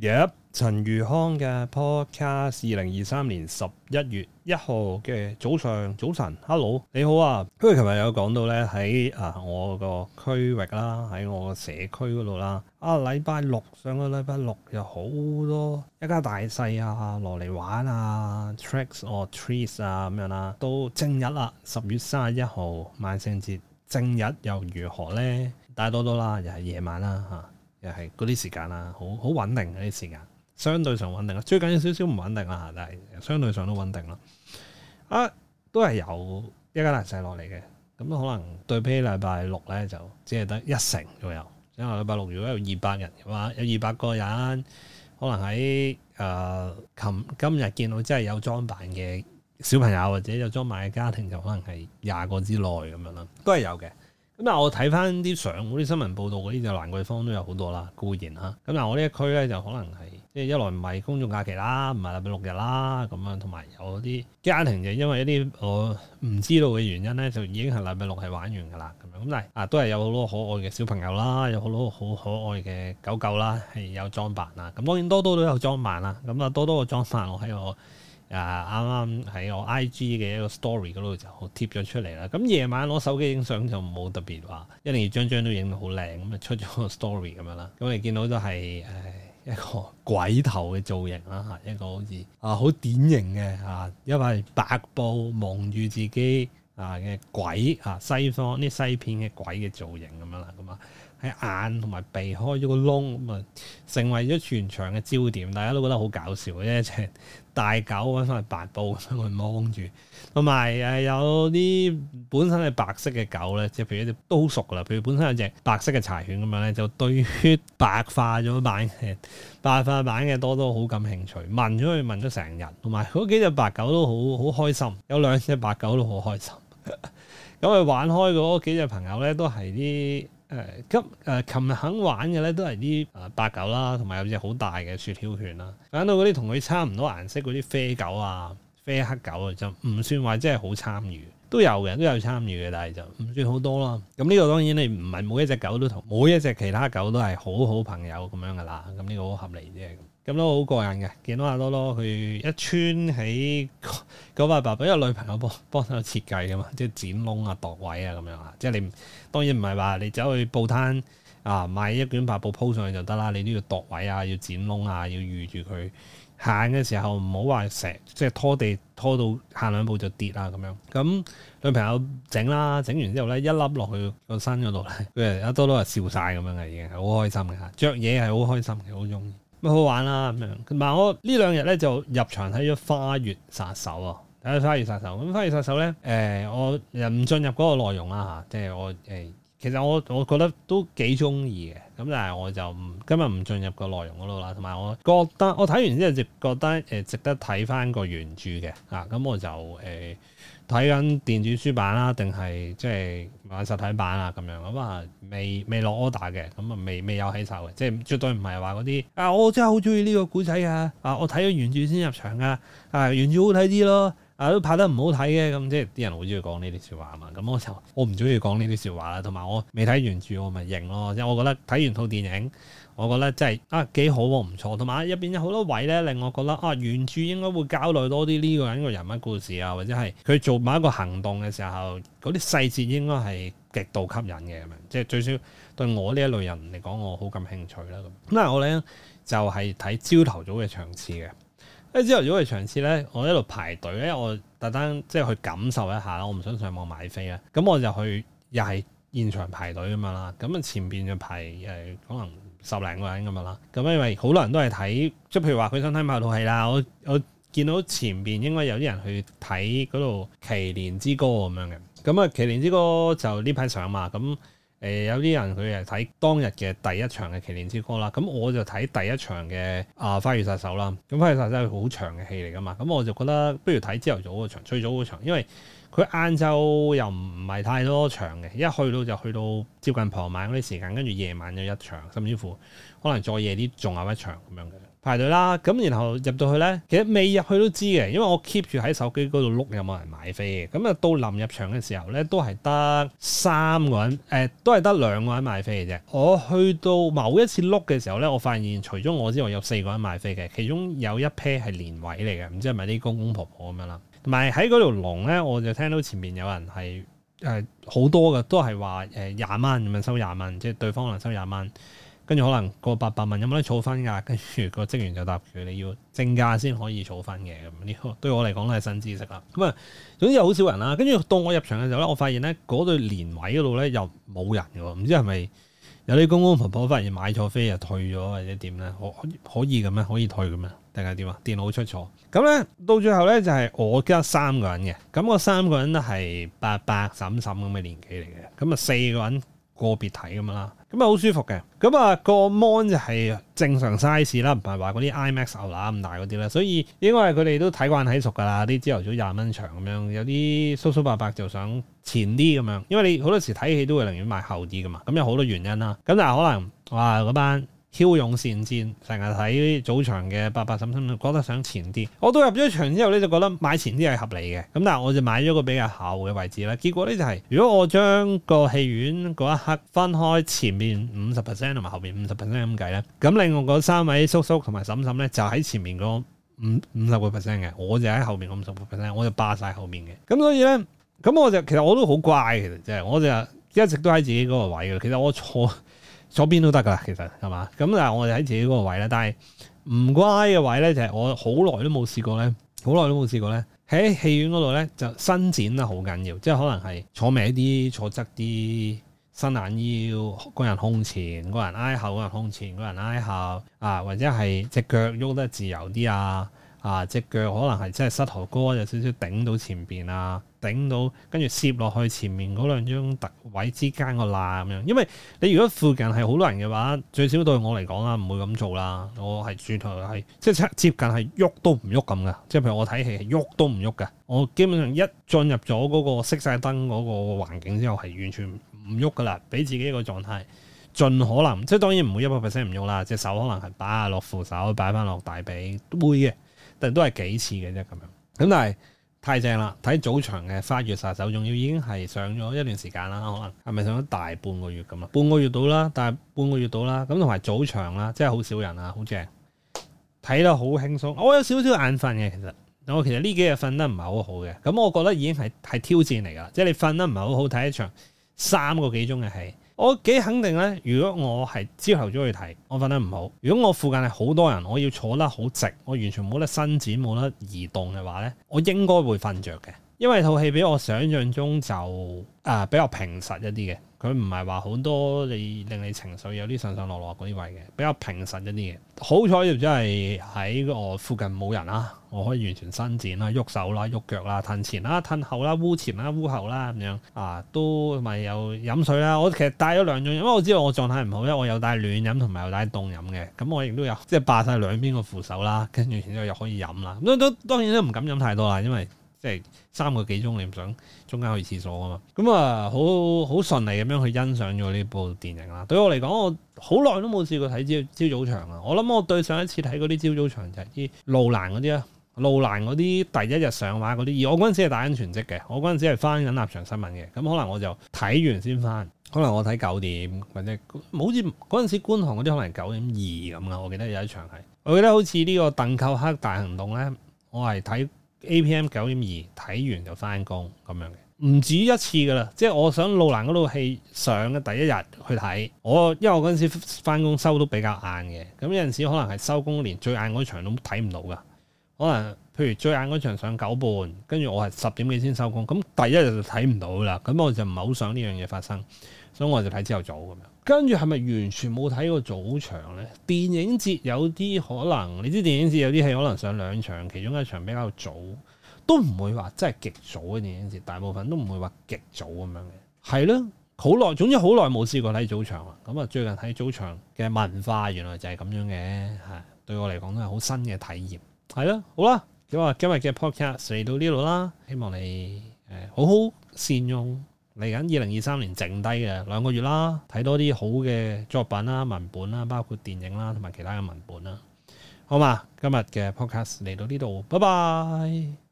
入陳、yep，如康嘅 podcast，二零二三年十一月一號嘅早上早晨，hello，你好啊，因為琴日有講到咧喺啊我個區域啦，喺我個社區嗰度啦，啊禮拜、啊、六上個禮拜六有好多一家大細啊，落嚟玩啊 tracks or trees 啊咁樣啦，到正日啦，十月三十一號萬聖節正日又如何咧？大多多啦，又係夜晚啦吓。啊又係嗰啲時間啦，好好穩定嗰啲時間，相對上穩定啦。最緊要少少唔穩定啦，但係相對上都穩定咯。啊，都係有一家大細落嚟嘅，咁、嗯、可能對比起禮拜六咧，就只係得一成左右。因為禮拜六如果有二百人嘅話，有二百個人，可能喺誒琴今日見到真係有裝扮嘅小朋友或者有裝扮嘅家庭，就可能係廿個之內咁樣啦，都係有嘅。咁啊，我睇翻啲相，嗰啲新聞報道嗰啲就蘭桂坊都有好多啦，固然嚇、啊。咁嗱，我呢一區咧就可能係，即係一來唔係公眾假期啦，唔係禮拜六日啦，咁樣，同埋有啲家庭就因為一啲我唔知道嘅原因咧，就已經係禮拜六係玩完噶啦，咁樣。咁但係啊，都係有好多可愛嘅小朋友啦，有好多好可愛嘅狗狗啦，係有裝扮啦。咁當然多多都有裝扮啦，咁啊多多嘅裝扮我喺我。啊！啱啱喺我 IG 嘅一個 story 嗰度就貼咗出嚟啦。咁夜晚攞手機影相就冇特別話一定要張張都影到好靚咁啊，就出咗個 story 咁樣啦。咁你見到都係誒一個鬼頭嘅造型啦嚇，一個好似啊好典型嘅嚇，因為白布望住自己啊嘅鬼嚇，西方啲西片嘅鬼嘅造型咁樣啦，咁啊。喺眼同埋鼻開咗個窿，咁啊成為咗全場嘅焦點，大家都覺得好搞笑嘅，即係大狗揾翻白布咁樣去望住，同埋誒有啲本身係白色嘅狗咧，即係譬如一隻都好熟啦，譬如本身有隻白色嘅柴犬咁樣咧，就對血白化咗版嘅白化版嘅多多好感興趣，問咗佢問咗成日。同埋嗰幾隻白狗都好好開心，有兩隻白狗都好開心，咁 佢玩開嗰幾隻朋友咧都係啲。誒咁誒，琴日、呃、肯玩嘅咧，都係啲誒白狗啦，同埋有隻好大嘅雪橇犬啦，玩到嗰啲同佢差唔多顏色嗰啲啡狗啊、啡黑狗啊，就唔算話真係好參與。都有嘅，都有參與嘅，但係就唔算好多啦。咁呢個當然你唔係每一隻狗都同每一隻其他狗都係好好朋友咁樣噶啦。咁呢個好合理啫。咁都好過癮嘅，見到阿羅羅佢一穿起嗰個爸爸，畀女朋友幫幫手設計噶嘛，即係剪窿啊、度位啊咁樣啊。即係你當然唔係話你走去報攤。啊！買一卷白布鋪上去就得啦，你都要度位啊，要剪窿啊，要預住佢行嘅時候唔好話成即係拖地拖到行兩步就跌啦咁樣。咁女朋友整啦，整完之後咧一粒落去個身嗰度咧，佢哋一多都話笑晒。咁樣嘅，已經好開心嘅嚇，著嘢係好開心嘅，好中意，啊，咪好玩啦咁樣。但係我兩呢兩日咧就入場睇咗花月殺手啊，睇花月殺手。咁花月殺手咧，誒、欸、我唔進入嗰個內容啦吓，啊，即係我誒。欸其實我我覺得都幾中意嘅，咁但係我就唔今日唔進入個內容嗰度啦。同埋我覺得我睇完之後就覺得誒值得睇返個原著嘅啊，咁我就誒睇緊電子書版啦，定係即係買實體版啊咁樣咁啊，未未落 order 嘅，咁啊，未未有起手嘅，即係絕對唔係話嗰啲啊，我真係好中意呢個古仔啊，啊我睇咗原著先入場啊，啊原著好睇啲咯。都拍得唔好睇嘅，咁即係啲人好中意講呢啲笑話嘛。咁我就我唔中意講呢啲笑話啦。同埋我未睇原著，我咪認咯。即係我覺得睇完套電影，我覺得真係啊幾好喎，唔錯。同埋入邊有好多位咧令我覺得啊原著應該會交代多啲呢個人嘅人物故事啊，或者係佢做某一個行動嘅時候嗰啲細節應該係極度吸引嘅咁樣。即係最少對我呢一類人嚟講，我好感興趣啦。咁，咁但我咧就係睇朝頭早嘅場次嘅。誒之後，如果係上次咧，我一路排隊，因為我特登即係去感受一下啦，我唔想上網買飛啊，咁我就去又係現場排隊咁樣啦，咁啊前邊就排誒可能十零個人咁樣啦，咁因為好多人都係睇，即係譬如話佢想睇馬戲啦，我我見到前邊應該有啲人去睇嗰度《奇連之歌》咁樣嘅，咁啊《奇連之歌》就呢排上嘛，咁。誒、呃、有啲人佢係睇當日嘅第一場嘅《奇連之歌》啦，咁我就睇第一場嘅啊《花月殺手》啦。咁《花月殺手》係好長嘅戲嚟㗎嘛，咁我就覺得不如睇朝頭早嗰場、最早嗰場，因為佢晏晝又唔係太多場嘅，一去到就去到接近傍晚嗰啲時間，跟住夜晚又一場，甚至乎可能再夜啲仲有一場咁樣嘅。排隊啦，咁然後入到去咧，其實未入去都知嘅，因為我 keep 住喺手機嗰度碌有冇人買飛嘅。咁啊到臨入場嘅時候咧，都係得三個人，誒、呃、都係得兩個人買飛嘅啫。我去到某一次碌嘅時候咧，我發現除咗我之外有四個人買飛嘅，其中有一批 a i 係連位嚟嘅，唔知係咪啲公公婆婆咁樣啦。同埋喺嗰條龍咧，我就聽到前面有人係誒好多嘅，都係話誒廿蚊咁樣收廿蚊，即係對方可能收廿蚊。跟住可能個八百萬有冇得儲分噶？跟住個職員就答佢：你要正價先可以儲分嘅咁。呢個對我嚟講都係新知識啦。咁、嗯、啊，總之有好少人啦。跟住到我入場嘅時候咧，我發現咧嗰對連位嗰度咧又冇人嘅喎，唔知係咪有啲公公婆婆發現買錯飛啊，退咗或者點咧？可可以咁咩？可以退咁咩？定係點啊？電腦出錯咁咧，到最後咧就係我加三個人嘅，咁我三個人係伯伯嬸嬸咁嘅年紀嚟嘅，咁啊四個人。個別睇咁樣啦，咁啊好舒服嘅，咁、嗯、啊、個 mon 就係正常 size 啦，唔係話嗰啲 IMAX 牛乸咁大嗰啲啦。所以應該係佢哋都睇慣睇熟噶啦，啲朝頭早廿蚊場咁樣，有啲叔叔伯伯就想前啲咁樣，因為你好多時睇戲都會寧願買後啲噶嘛，咁、嗯嗯、有好多原因啦，咁但係可能哇嗰班。驍勇善戰，成日睇早場嘅伯伯嬸嬸，覺得想前啲。我都入咗場之後咧，就覺得買前啲係合理嘅。咁但係我就買咗個比較後嘅位置啦。結果咧就係、是，如果我將個戲院嗰一刻分開前面五十 percent 同埋後面五十 percent 咁計咧，咁另外嗰三位叔叔同埋嬸嬸咧就喺前面嗰五五十個 percent 嘅，我就喺後面五十 percent，我就霸晒後面嘅。咁所以咧，咁我就其實我都好乖，其實真係，我就一直都喺自己嗰個位嘅。其實我錯。左邊都得噶啦，其實係嘛？咁但係我哋喺自己嗰個位咧，但係唔乖嘅位咧，就係我好耐都冇試過咧，好耐都冇試過咧，喺戲院嗰度咧就伸展得好緊要，即係可能係坐歪啲，坐側啲，伸懶腰，個人胸前，個人挨後啊，個人胸前，個人挨後啊，或者係隻腳喐得自由啲啊，啊，隻腳可能係即係膝頭哥就少少頂到前邊啊。頂到，跟住攝落去前面嗰兩張特位之間個罅咁樣，因為你如果附近係好多人嘅話，最少對我嚟講啦，唔會咁做啦。我係轉頭係即係接近係喐都唔喐咁嘅，即係譬如我睇戲係喐都唔喐嘅。我基本上一進入咗嗰個熄晒燈嗰個環境之後，係完全唔喐噶啦，俾自己一個狀態盡可能。即係當然唔會一百 percent 唔喐啦，隻手可能係擺下落扶手，擺翻落大髀都會嘅，但都係幾次嘅啫咁樣。咁但係。太正啦！睇早場嘅《花月殺手》，仲要已經係上咗一段時間啦，可能可？係咪上咗大半個月咁啊？半個月到啦，但係半個月到啦，咁同埋早場啦，真係好少人啊，好正，睇得好輕鬆。我有少少眼瞓嘅，其實我其實呢幾日瞓得唔係好好嘅，咁我覺得已經係係挑戰嚟噶，即係你瞓得唔係好好，睇一場三個幾鐘嘅戲。我幾肯定咧，如果我係朝頭早去睇，我瞓得唔好。如果我附近係好多人，我要坐得好直，我完全冇得伸展，冇得移動嘅話咧，我應該會瞓着嘅，因為套戲比我想象中就誒、呃、比較平實一啲嘅。佢唔係話好多你，你令你情緒有啲上上落落嗰啲位嘅，比較平實一啲嘅。好彩亦真係喺我附近冇人啊，我可以完全伸展啦、啊、喐手啦、啊、喐腳啦、啊、褪前啦、啊、褪後啦、啊、污前啦、啊、污後啦咁樣啊，都咪有飲水啦、啊。我其實帶咗兩種飲，因為我知道我狀態唔好、啊，因為我有帶暖飲同埋有帶凍飲嘅。咁我亦都有即係霸晒兩邊個扶手啦，跟住然之後又可以飲啦。咁都當然都唔敢飲太多啦，因為。即係三個幾鐘，你唔想中間去廁所啊嘛？咁、嗯、啊，好好順利咁樣去欣賞咗呢部電影啦。對我嚟講，我好耐都冇試過睇朝朝早場啊！我諗我對上一次睇嗰啲朝早場就係啲路難嗰啲啊，路難嗰啲第一日上畫嗰啲。而我嗰陣時係打緊全職嘅，我嗰陣時係翻緊立場新聞嘅。咁可能我就睇完先翻，可能我睇九點或者好似嗰陣時觀塘嗰啲可能九點二咁啊。我記得有一場係，我記得好似呢個《鄧扣克大行動》咧，我係睇，A.P.M 九點二睇完就翻工咁樣嘅，唔止一次噶啦。即係我想路蘭嗰套戲上嘅第一日去睇，我因為我嗰陣時翻工收都比較晏嘅，咁有陣時可能係收工連最晏嗰場都睇唔到噶，可能譬如最晏嗰場上九半，跟住我係十點幾先收工，咁第一日就睇唔到啦。咁我就唔係好想呢樣嘢發生，所以我就睇朝頭早咁樣。跟住係咪完全冇睇過早場呢？電影節有啲可能，你知電影節有啲戲可能上兩場，其中一場比較早，都唔會話真係極早嘅電影節，大部分都唔會話極早咁樣嘅，係咯。好耐，總之好耐冇試過睇早場啦。咁啊，最近睇早場嘅文化，原來就係咁樣嘅，吓，對我嚟講都係好新嘅體驗，係咯。好啦，咁啊，今日嘅 podcast 嚟到呢度啦，希望你好好善用。嚟緊二零二三年剩低嘅兩個月啦，睇多啲好嘅作品啦、文本啦，包括電影啦同埋其他嘅文本啦，好嘛？今日嘅 podcast 嚟到呢度，拜拜。